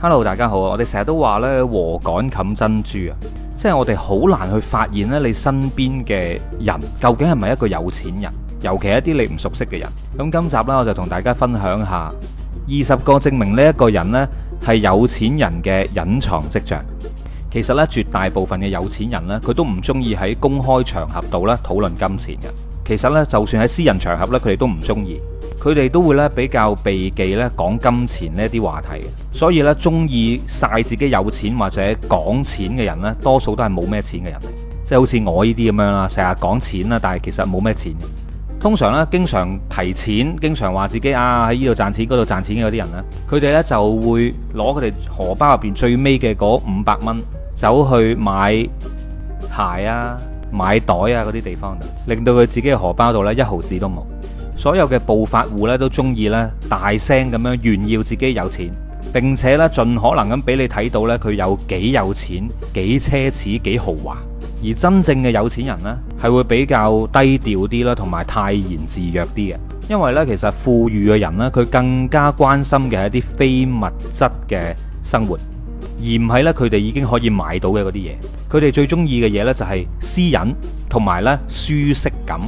Hello，大家好啊！我哋成日都話呢禾杆冚珍珠啊，即係我哋好難去發現呢你身邊嘅人究竟係咪一個有錢人，尤其係一啲你唔熟悉嘅人。咁今集呢，我就同大家分享下二十個證明呢一個人呢係有錢人嘅隱藏跡象。其實呢，絕大部分嘅有錢人呢，佢都唔中意喺公開場合度呢討論金錢嘅。其實呢，就算喺私人場合呢，佢哋都唔中意。佢哋都會咧比較避忌咧講金錢呢啲話題嘅，所以咧中意晒自己有錢或者講錢嘅人咧，多數都係冇咩錢嘅人嚟，即係好似我呢啲咁樣啦，成日講錢啦，但係其實冇咩錢。通常咧，經常提錢、經常話自己啊喺呢度賺錢、嗰度賺錢嘅嗰啲人咧，佢哋咧就會攞佢哋荷包入邊最尾嘅嗰五百蚊走去買鞋啊、買袋啊嗰啲地方度，令到佢自己嘅荷包度咧一毫子都冇。所有嘅暴發戶咧都中意咧大聲咁樣炫耀自己有錢，並且咧盡可能咁俾你睇到咧佢有幾有錢、幾奢侈、幾豪華。而真正嘅有錢人咧係會比較低調啲啦，同埋泰然自若啲嘅。因為咧其實富裕嘅人咧佢更加關心嘅係啲非物質嘅生活，而唔係咧佢哋已經可以買到嘅嗰啲嘢。佢哋最中意嘅嘢咧就係私隱同埋咧舒適感。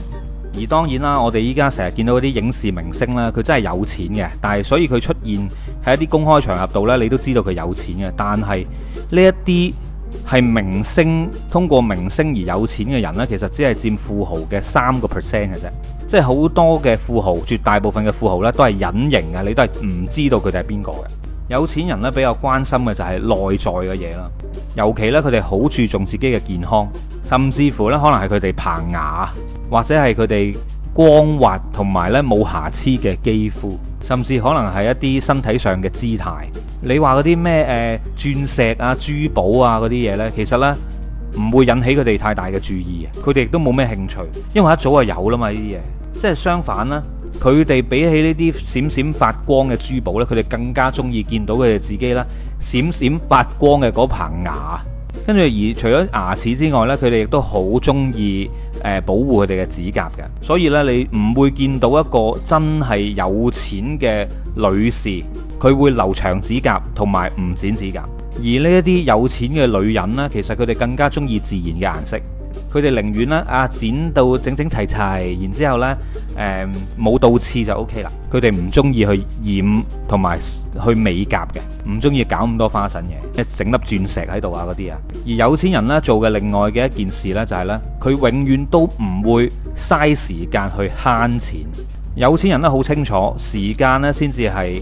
而當然啦，我哋依家成日見到嗰啲影視明星咧，佢真係有錢嘅。但係所以佢出現喺一啲公開場合度呢，你都知道佢有錢嘅。但係呢一啲係明星通過明星而有錢嘅人呢，其實只係佔富豪嘅三個 percent 嘅啫。即係好多嘅富豪，絕大部分嘅富豪呢，都係隱形嘅，你都係唔知道佢哋係邊個嘅。有錢人咧，比較關心嘅就係內在嘅嘢啦，尤其咧佢哋好注重自己嘅健康，甚至乎咧可能係佢哋棚牙，或者係佢哋光滑同埋咧冇瑕疵嘅肌膚，甚至可能係一啲身體上嘅姿態。你話嗰啲咩誒鑽石啊、珠寶啊嗰啲嘢呢，其實呢唔會引起佢哋太大嘅注意，佢哋亦都冇咩興趣，因為一早就有啦嘛呢啲嘢，即係相反啦。佢哋比起呢啲閃閃發光嘅珠寶呢，佢哋更加中意見到佢哋自己啦，閃閃發光嘅嗰棚牙。跟住而除咗牙齒之外呢，佢哋亦都好中意誒保護佢哋嘅指甲嘅。所以呢，你唔會見到一個真係有錢嘅女士，佢會留長指甲同埋唔剪指甲。而呢一啲有錢嘅女人呢，其實佢哋更加中意自然嘅顏色。佢哋寧願咧啊剪到整整齊齊，然之後咧，誒冇倒刺就 O K 啦。佢哋唔中意去染同埋去美甲嘅，唔中意搞咁多花神嘢，整粒鑽石喺度啊嗰啲啊。而有錢人呢，做嘅另外嘅一件事呢，就係呢，佢永遠都唔會嘥時間去慳錢。有錢人呢，好清楚時間呢先至係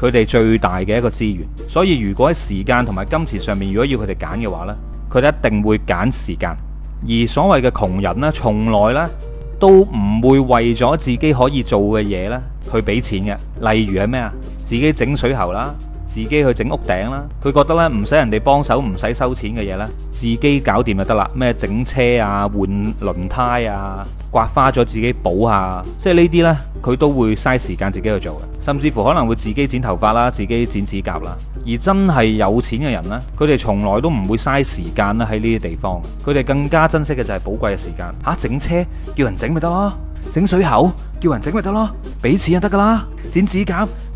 佢哋最大嘅一個資源，所以如果喺時間同埋金錢上面，如果要佢哋揀嘅話呢，佢哋一定會揀時間。而所謂嘅窮人呢，從來呢都唔會為咗自己可以做嘅嘢呢去俾錢嘅，例如係咩啊？自己整水喉啦。自己去整屋頂啦，佢覺得咧唔使人哋幫手，唔使收錢嘅嘢呢，自己搞掂就得啦。咩整車啊、換輪胎啊、刮花咗自己補下，即係呢啲呢，佢都會嘥時間自己去做嘅。甚至乎可能會自己剪頭髮啦、自己剪指甲啦。而真係有錢嘅人呢，佢哋從來都唔會嘥時間啦喺呢啲地方，佢哋更加珍惜嘅就係寶貴嘅時間。嚇、啊，整車叫人整咪得咯，整水喉叫人整咪得咯，俾錢就得噶啦，剪指甲。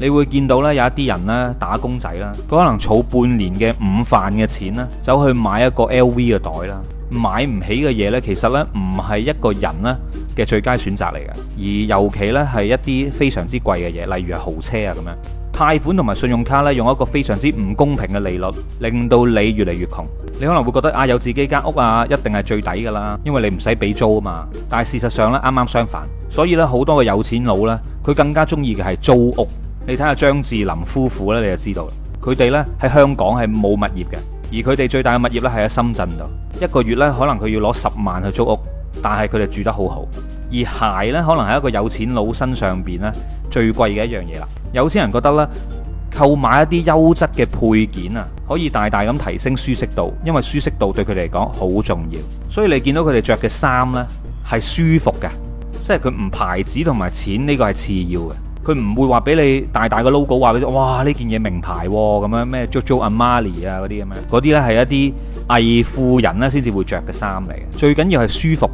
你會見到咧有一啲人咧打工仔啦，佢可能儲半年嘅午飯嘅錢啦，走去買一個 LV 嘅袋啦。買唔起嘅嘢呢，其實呢唔係一個人呢嘅最佳選擇嚟嘅。而尤其呢係一啲非常之貴嘅嘢，例如係豪車啊咁樣。貸款同埋信用卡呢，用一個非常之唔公平嘅利率，令到你越嚟越窮。你可能會覺得啊，有自己間屋啊，一定係最抵㗎啦，因為你唔使俾租啊嘛。但係事實上呢，啱啱相反，所以呢，好多嘅有錢佬呢，佢更加中意嘅係租屋。你睇下張智霖夫婦呢，你就知道啦。佢哋呢，喺香港係冇物業嘅，而佢哋最大嘅物業呢，係喺深圳度。一個月呢，可能佢要攞十萬去租屋，但係佢哋住得好好。而鞋呢，可能係一個有錢佬身上邊呢最貴嘅一樣嘢啦。有錢人覺得呢，購買一啲優質嘅配件啊，可以大大咁提升舒適度，因為舒適度對佢哋嚟講好重要。所以你見到佢哋着嘅衫呢，係舒服嘅，即係佢唔牌子同埋錢呢個係次要嘅。佢唔會話俾你大大個 logo 話俾你，哇！呢件嘢名牌喎，啊，咁樣咩 Jojo Amali 啊嗰啲咁樣，嗰啲呢係一啲偽富人咧先至會着嘅衫嚟嘅。最緊要係舒服。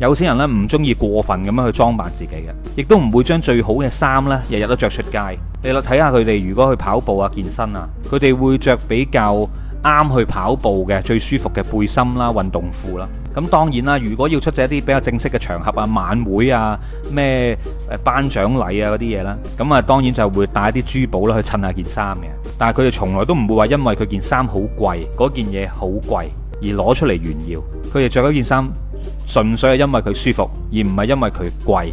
有錢人呢唔中意過分咁樣去裝扮自己嘅，亦都唔會將最好嘅衫呢日日都着出街。你睇下佢哋如果去跑步啊、健身啊，佢哋會着比較啱去跑步嘅最舒服嘅背心啦、運動褲啦。咁當然啦，如果要出席一啲比較正式嘅場合啊、晚會啊、咩誒頒獎禮啊嗰啲嘢啦，咁啊當然就係會帶啲珠寶啦去襯下件衫嘅。但係佢哋從來都唔會話因為佢件衫好貴，嗰件嘢好貴而攞出嚟炫耀。佢哋着嗰件衫純粹係因為佢舒服，而唔係因為佢貴。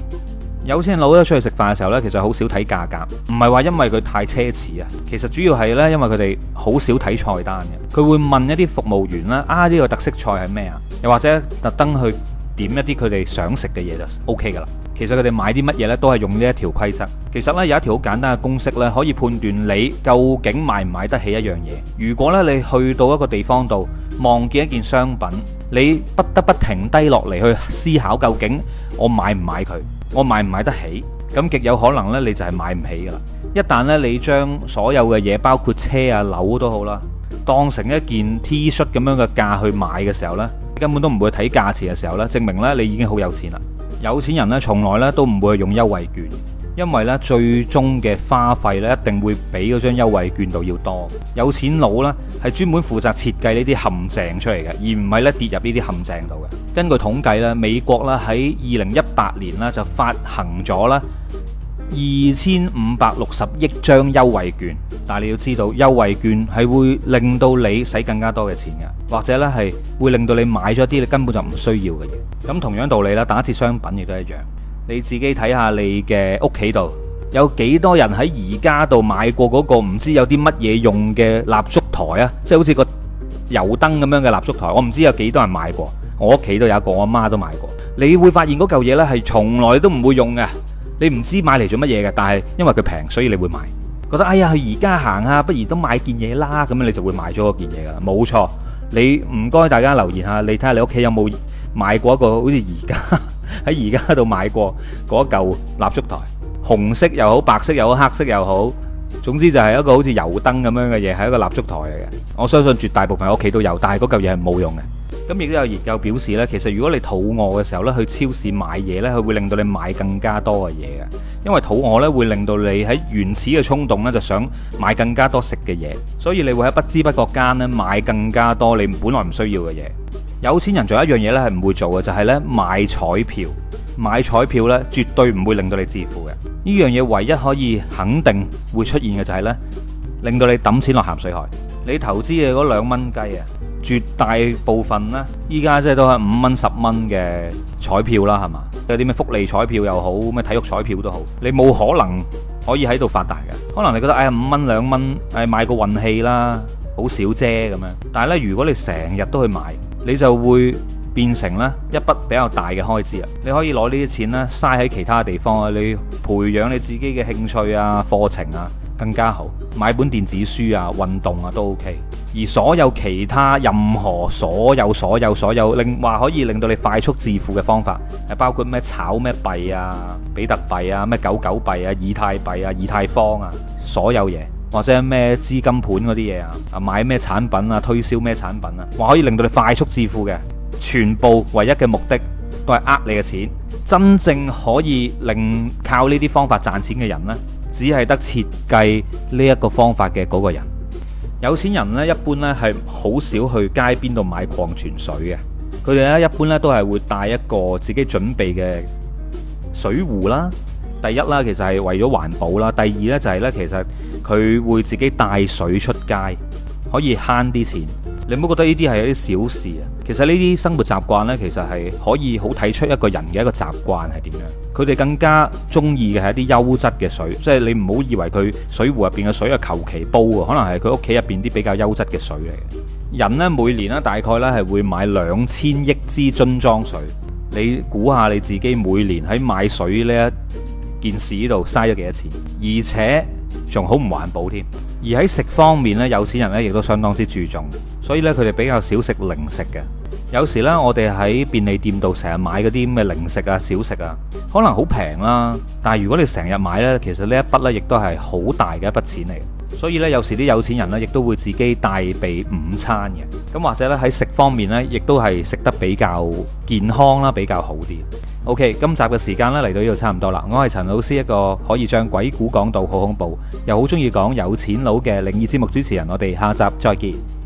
有錢佬咧出去食飯嘅時候呢，其實好少睇價格，唔係話因為佢太奢侈啊，其實主要係呢，因為佢哋好少睇菜單嘅，佢會問一啲服務員啦，啊呢個特色菜係咩啊？又或者特登去點一啲佢哋想食嘅嘢就 O K 噶啦。其實佢哋買啲乜嘢呢，都係用呢一條規則。其實呢，有一條好簡單嘅公式呢，可以判斷你究竟買唔買得起一樣嘢。如果呢，你去到一個地方度望見一件商品，你不得不停低落嚟去思考，究竟我買唔買佢？我買唔買得起？咁極有可能呢，你就係買唔起㗎喇！一旦呢，你將所有嘅嘢，包括車啊、樓都好啦，當成一件 T-shirt 咁樣嘅價去買嘅時候呢，你根本都唔會睇價錢嘅時候呢，證明呢，你已經好有錢啦！有錢人呢，從來呢都唔會用優惠券。因為咧最終嘅花費咧，一定會比嗰張優惠券度要多。有錢佬咧係專門負責設計呢啲陷阱出嚟嘅，而唔係咧跌入呢啲陷阱度嘅。根據統計咧，美國咧喺二零一八年咧就發行咗啦二千五百六十億張優惠券。但係你要知道，優惠券係會令到你使更加多嘅錢嘅，或者咧係會令到你買咗啲你根本就唔需要嘅嘢。咁同樣道理啦，打折商品亦都一樣。你自己睇下你嘅屋企度有幾多人喺宜家度買過嗰個唔知有啲乜嘢用嘅蠟燭台啊，即係好似個油燈咁樣嘅蠟燭台，我唔知有幾多人買過。我屋企都有一個，我阿媽都買過。你會發現嗰嚿嘢呢係從來都唔會用嘅，你唔知買嚟做乜嘢嘅，但係因為佢平，所以你會買。覺得哎呀去宜家行下，不如都買件嘢啦，咁樣你就會買咗嗰件嘢噶啦，冇錯。你唔該大家留言下，你睇下你屋企有冇買過一個好似宜家。 喺而家度買過嗰一嚿蠟燭台，紅色又好，白色又好，黑色又好，總之就係一個好似油燈咁樣嘅嘢，係一個蠟燭台嚟嘅。我相信絕大部分屋企都有，但係嗰嚿嘢係冇用嘅。咁亦都有研究表示呢，其實如果你肚餓嘅時候呢，去超市買嘢呢，佢會令到你買更加多嘅嘢嘅，因為肚餓呢會令到你喺原始嘅衝動呢就想買更加多食嘅嘢，所以你會喺不知不覺間呢買更加多你本來唔需要嘅嘢。有錢人仲有一樣嘢咧，係唔會做嘅，就係咧買彩票。買彩票咧，絕對唔會令到你致富嘅。呢樣嘢唯一可以肯定會出現嘅就係咧，令到你揼錢落鹹水海。你投資嘅嗰兩蚊雞啊，絕大部分呢，依家即係都係五蚊十蚊嘅彩票啦，係嘛？有啲咩福利彩票又好，咩體育彩票都好，你冇可能可以喺度發達嘅。可能你覺得誒五蚊兩蚊誒買個運氣啦，好少啫咁樣。但係咧，如果你成日都去買。你就會變成咧一筆比較大嘅開支啊！你可以攞呢啲錢咧嘥喺其他地方啊，你培養你自己嘅興趣啊、課程啊更加好，買本電子書啊、運動啊都 OK。而所有其他任何所有所有所有令話可以令到你快速致富嘅方法，係包括咩炒咩幣啊、比特幣啊、咩九九幣啊、以太幣啊、以太坊啊，所有嘢。或者咩資金盤嗰啲嘢啊，啊買咩產品啊，推銷咩產品啊，話可以令到你快速致富嘅，全部唯一嘅目的都係呃你嘅錢。真正可以令靠呢啲方法賺錢嘅人呢，只係得設計呢一個方法嘅嗰個人。有錢人呢，一般呢係好少去街邊度買礦泉水嘅，佢哋咧一般呢都係會帶一個自己準備嘅水壺啦。第一啦，其實係為咗環保啦。第二呢，就係呢，其實佢會自己帶水出街，可以慳啲錢。你唔好覺得呢啲係一啲小事啊。其實呢啲生活習慣呢，其實係可以好睇出一個人嘅一個習慣係點樣。佢哋更加中意嘅係一啲優質嘅水，即係你唔好以為佢水壺入邊嘅水係求其煲啊，可能係佢屋企入邊啲比較優質嘅水嚟。人呢，每年呢，大概呢係會買兩千億支樽裝水，你估下你自己每年喺買水呢。件事呢度嘥咗幾多錢，而且仲好唔環保添。而喺食方面呢，有錢人呢亦都相當之注重，所以呢，佢哋比較少食零食嘅。有時呢，我哋喺便利店度成日買嗰啲咩零食啊、小食啊，可能好平啦。但係如果你成日買呢，其實呢一筆呢亦都係好大嘅一筆錢嚟。所以咧，有時啲有錢人咧，亦都會自己帶備午餐嘅。咁或者咧喺食方面呢，亦都係食得比較健康啦，比較好啲。OK，今集嘅時間呢，嚟到呢度差唔多啦。我係陳老師，一個可以將鬼故講到好恐怖，又好中意講有錢佬嘅靈異節目主持人。我哋下集再見。